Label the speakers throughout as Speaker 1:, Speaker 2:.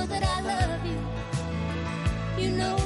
Speaker 1: know that I love you. You know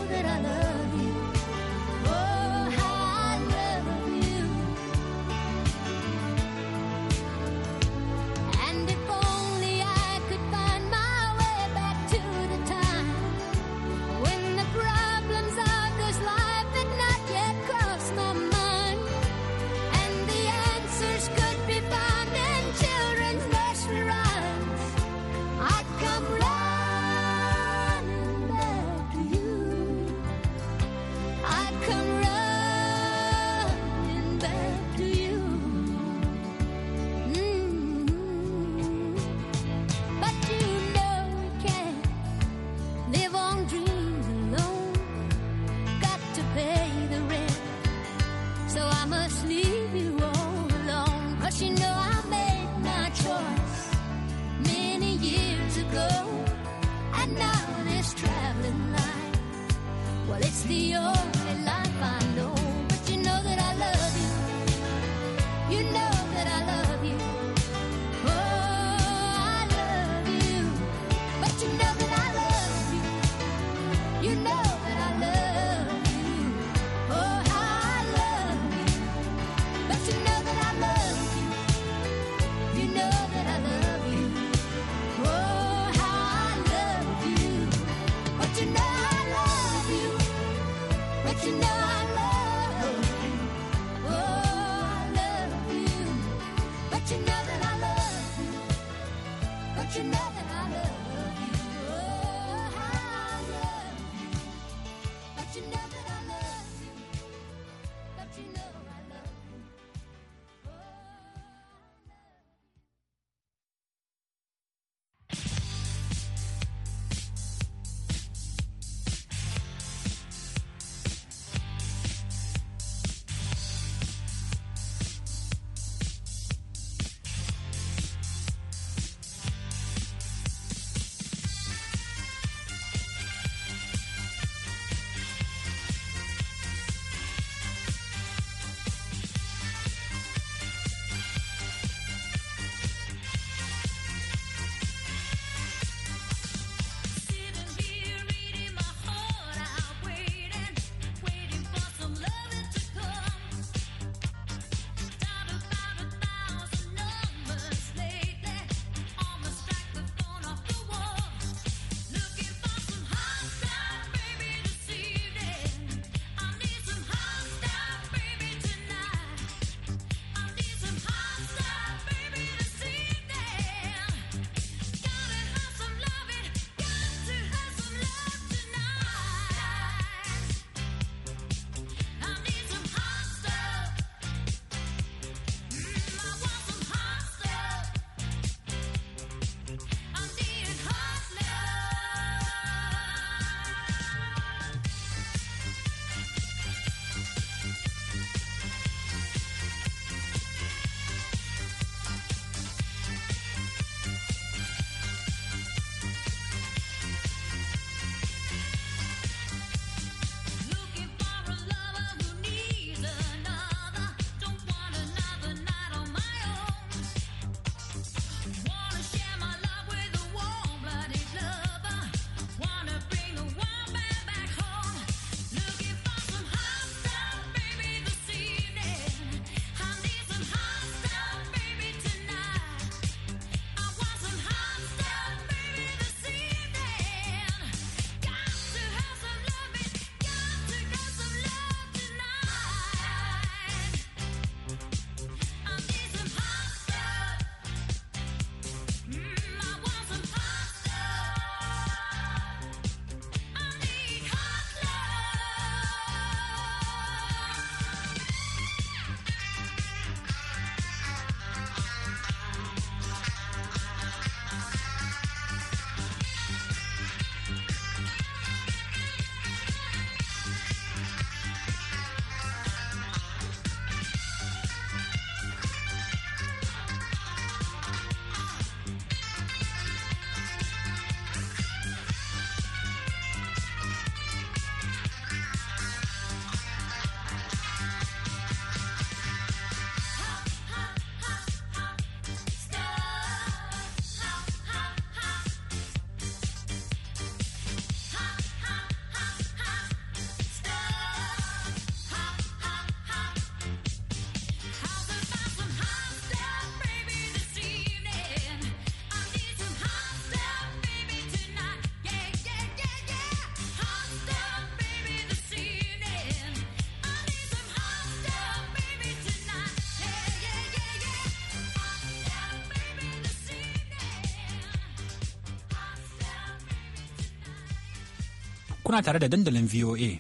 Speaker 2: kuna tare da dandalin VOA.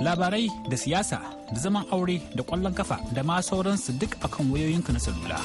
Speaker 2: Labarai da siyasa da zaman aure da kwallon kafa da ma sauransu duk akan wayoyinka na salula.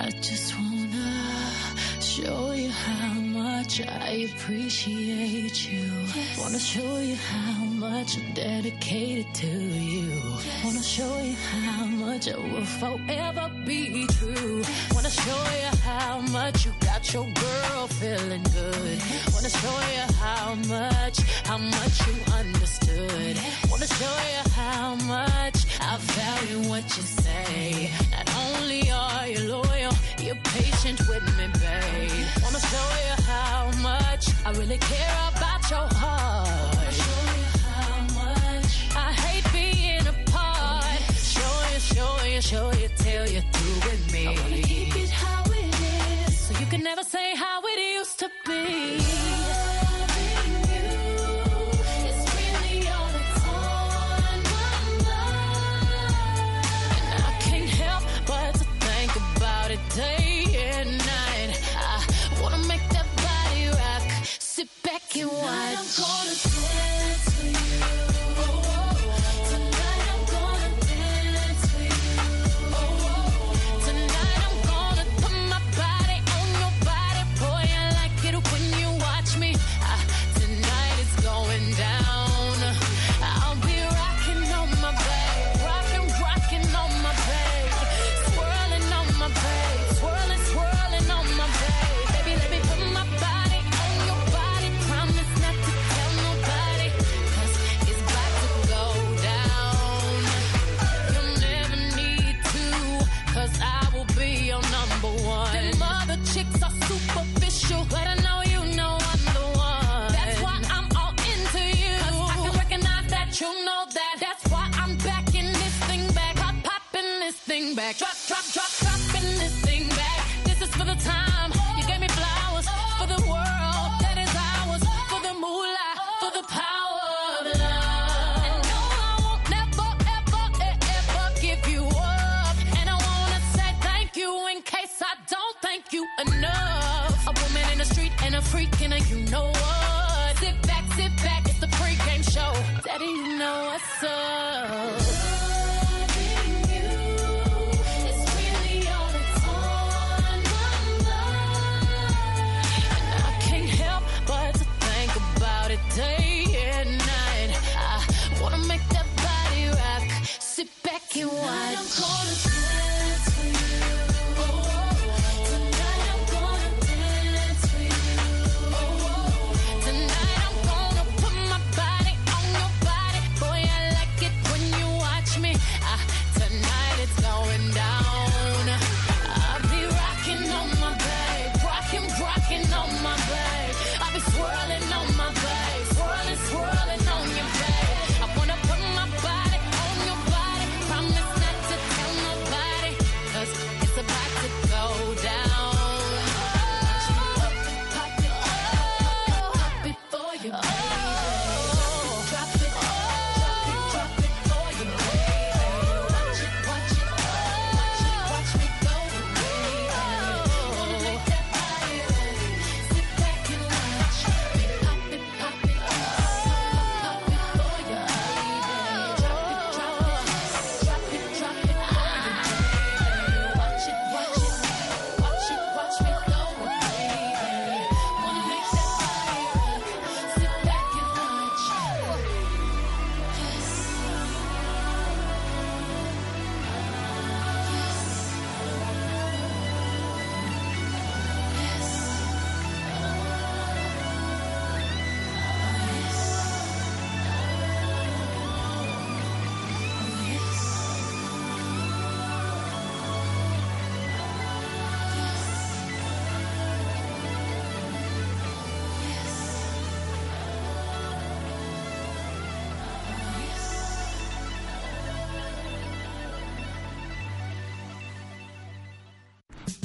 Speaker 3: I just wanna show you how much I appreciate you. Yes. Wanna show you how much I'm dedicated to you. Yes. Wanna show you how much I will forever be true. Yes. Wanna show you how much you got your girl feeling good. Wanna show you how much, how much you understood. Wanna show you how much I value what you say really are. You're loyal, you're patient with me, babe. Wanna show you how much I really care about your heart. Wanna show you how much I hate being apart. Show you, show you, show you till you're through with me.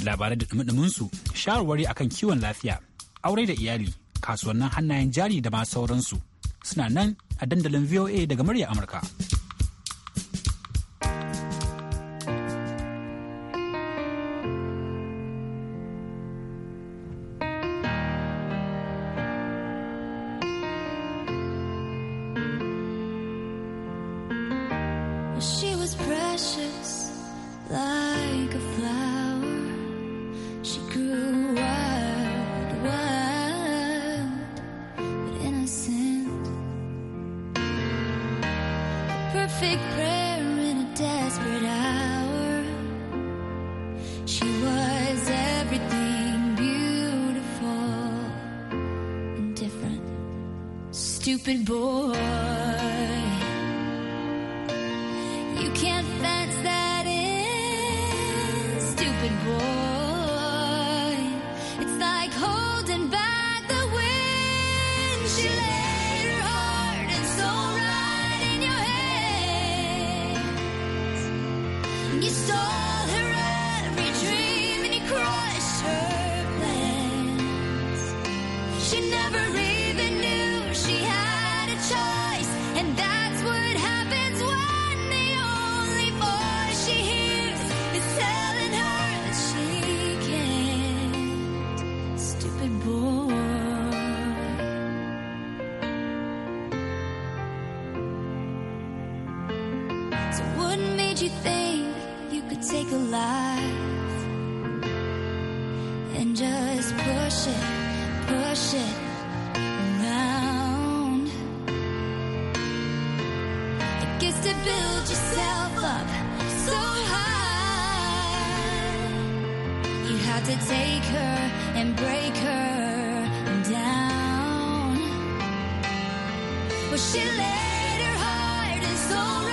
Speaker 2: labarai da dumudumunsu shawarwari akan kiwon lafiya aure da iyali kasuwannin hannayen jari da ma sauransu suna nan a dandalin voa daga murya amurka
Speaker 1: to build yourself up so high. You had to take her and break her down. Well, she laid her heart and soul.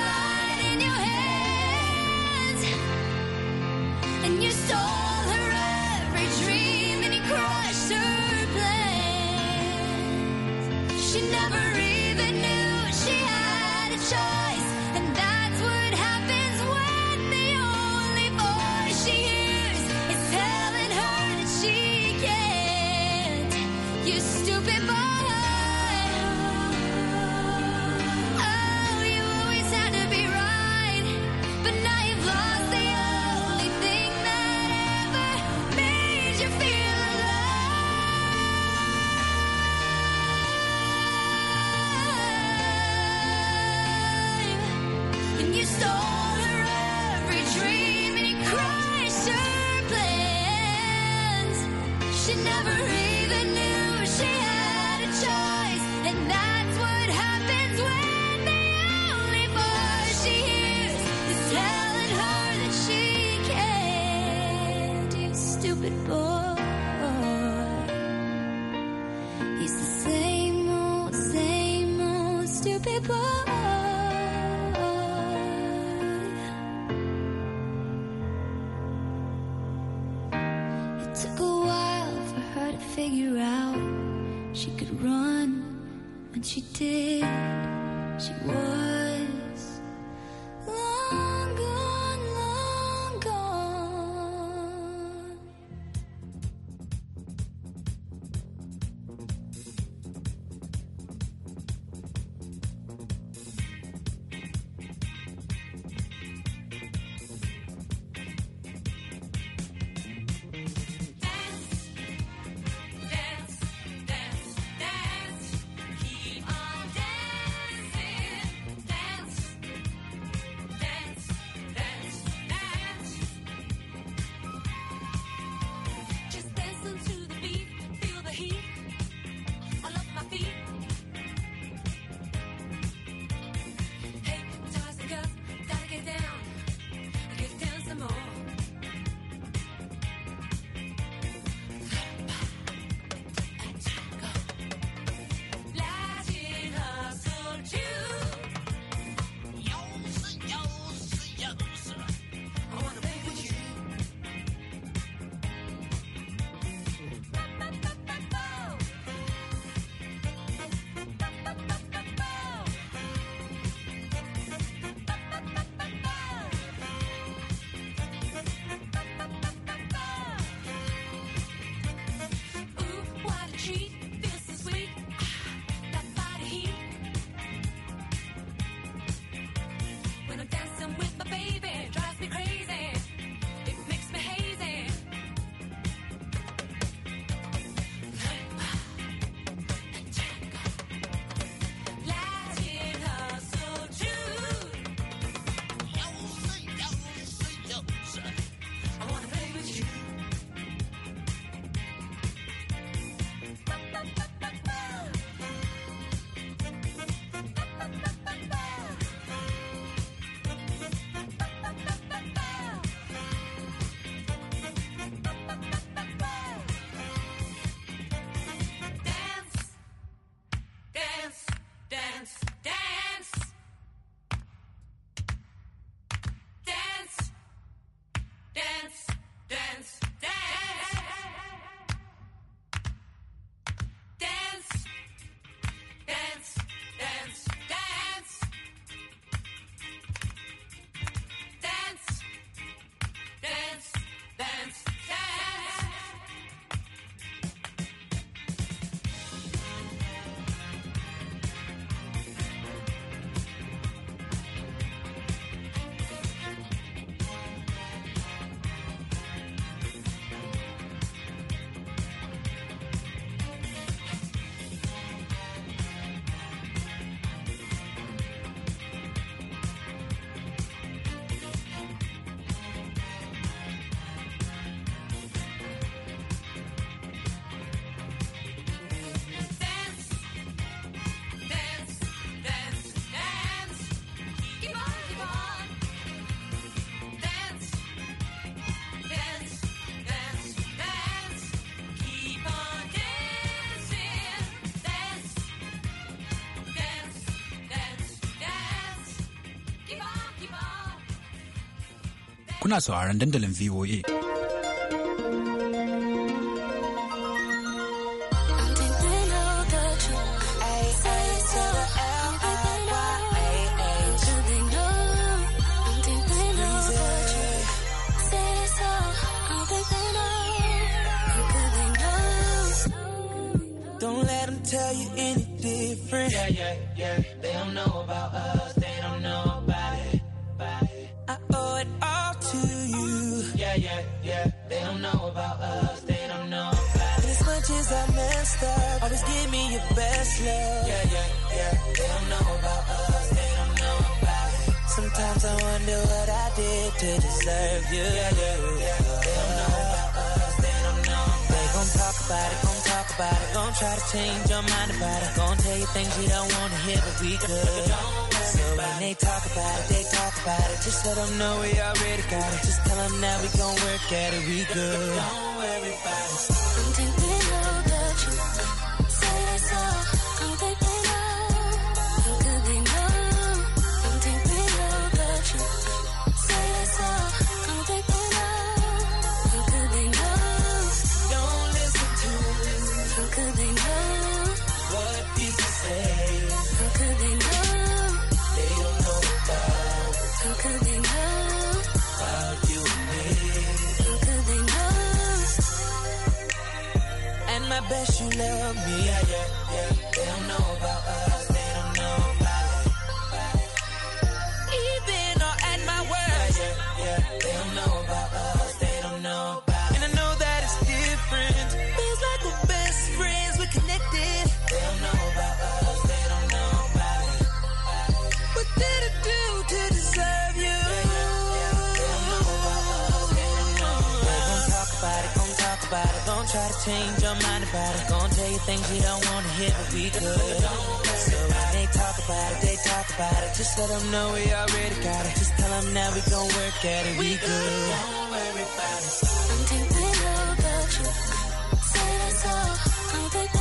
Speaker 4: Yeah.
Speaker 2: kuna sauraron dandalin VOA.
Speaker 5: to deserve you. Yeah, yeah, yeah. They don't know about us, they don't know. They gon' talk about it, gon' talk about it, gon' try to change your mind about it. Gon' tell you things you don't wanna hear, but we good. So when they talk about it, they talk about it. Just let them know we already got it. Just tell them that we gon' work at it, we good. about it. Just let them know we already got it. Just tell them now we gon' work at it. We, we good. Don't
Speaker 2: worry about it. I'm deep in love with you. Say that's all. I'm big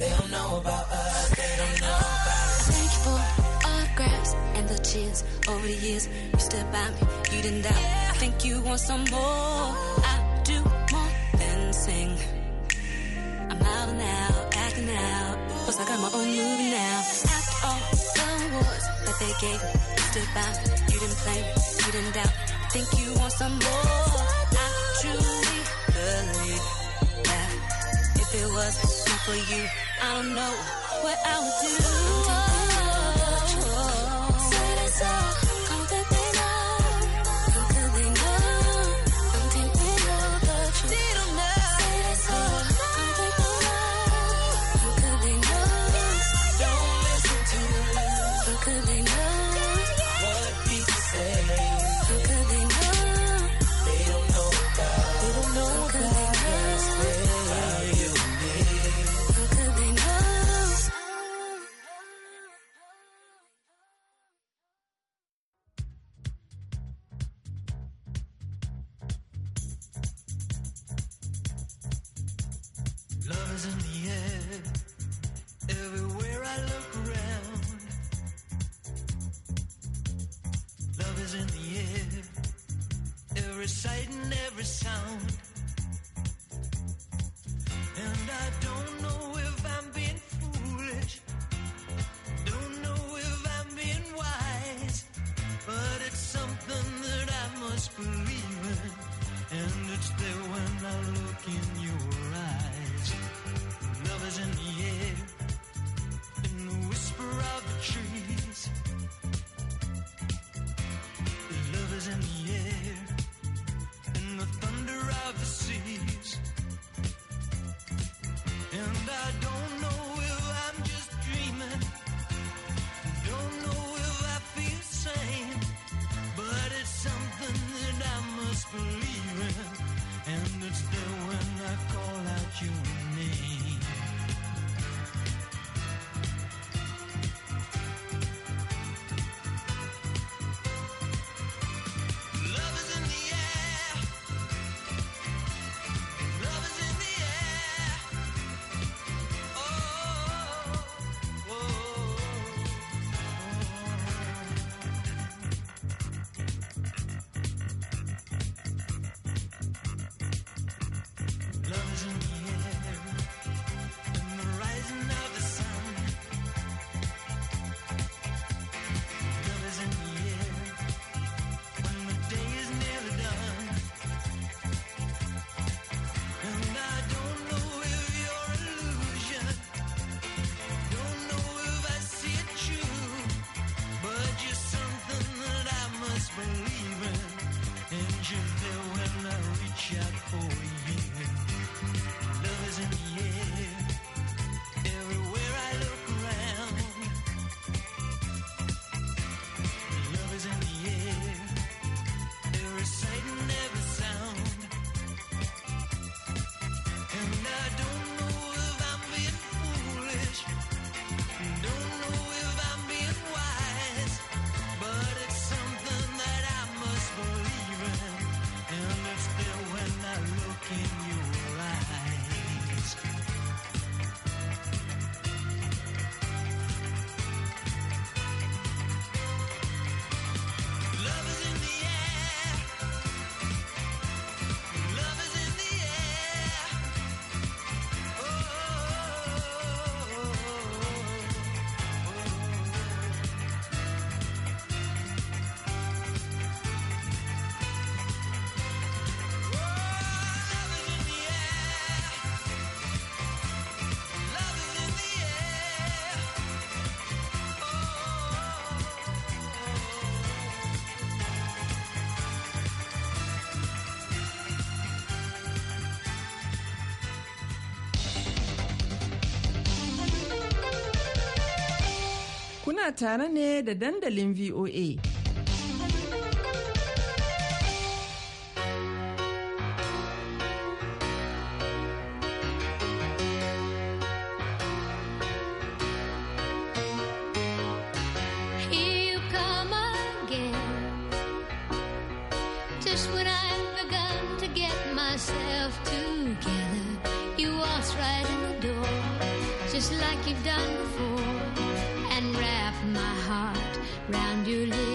Speaker 2: They don't know about us, they don't know about us. Thank autographs and the cheers over the years. You stood by me, you didn't doubt. Yeah. I think you want some more. I do more than sing. I'm out and out, acting out. Plus, I got my own movie now. After all the awards that they gave me, you stood by me, you didn't play me, you didn't doubt. I think you want some more truly believe that if it wasn't for you, I don't know what I would do. Oh, oh, oh,
Speaker 5: Love is in the air, everywhere I look around. Love is in the air, every sight and every sound. And I don't know Kuna tare ne da dandalin VOA.
Speaker 1: together. You waltz right in the door, just like you've done before. ondulée.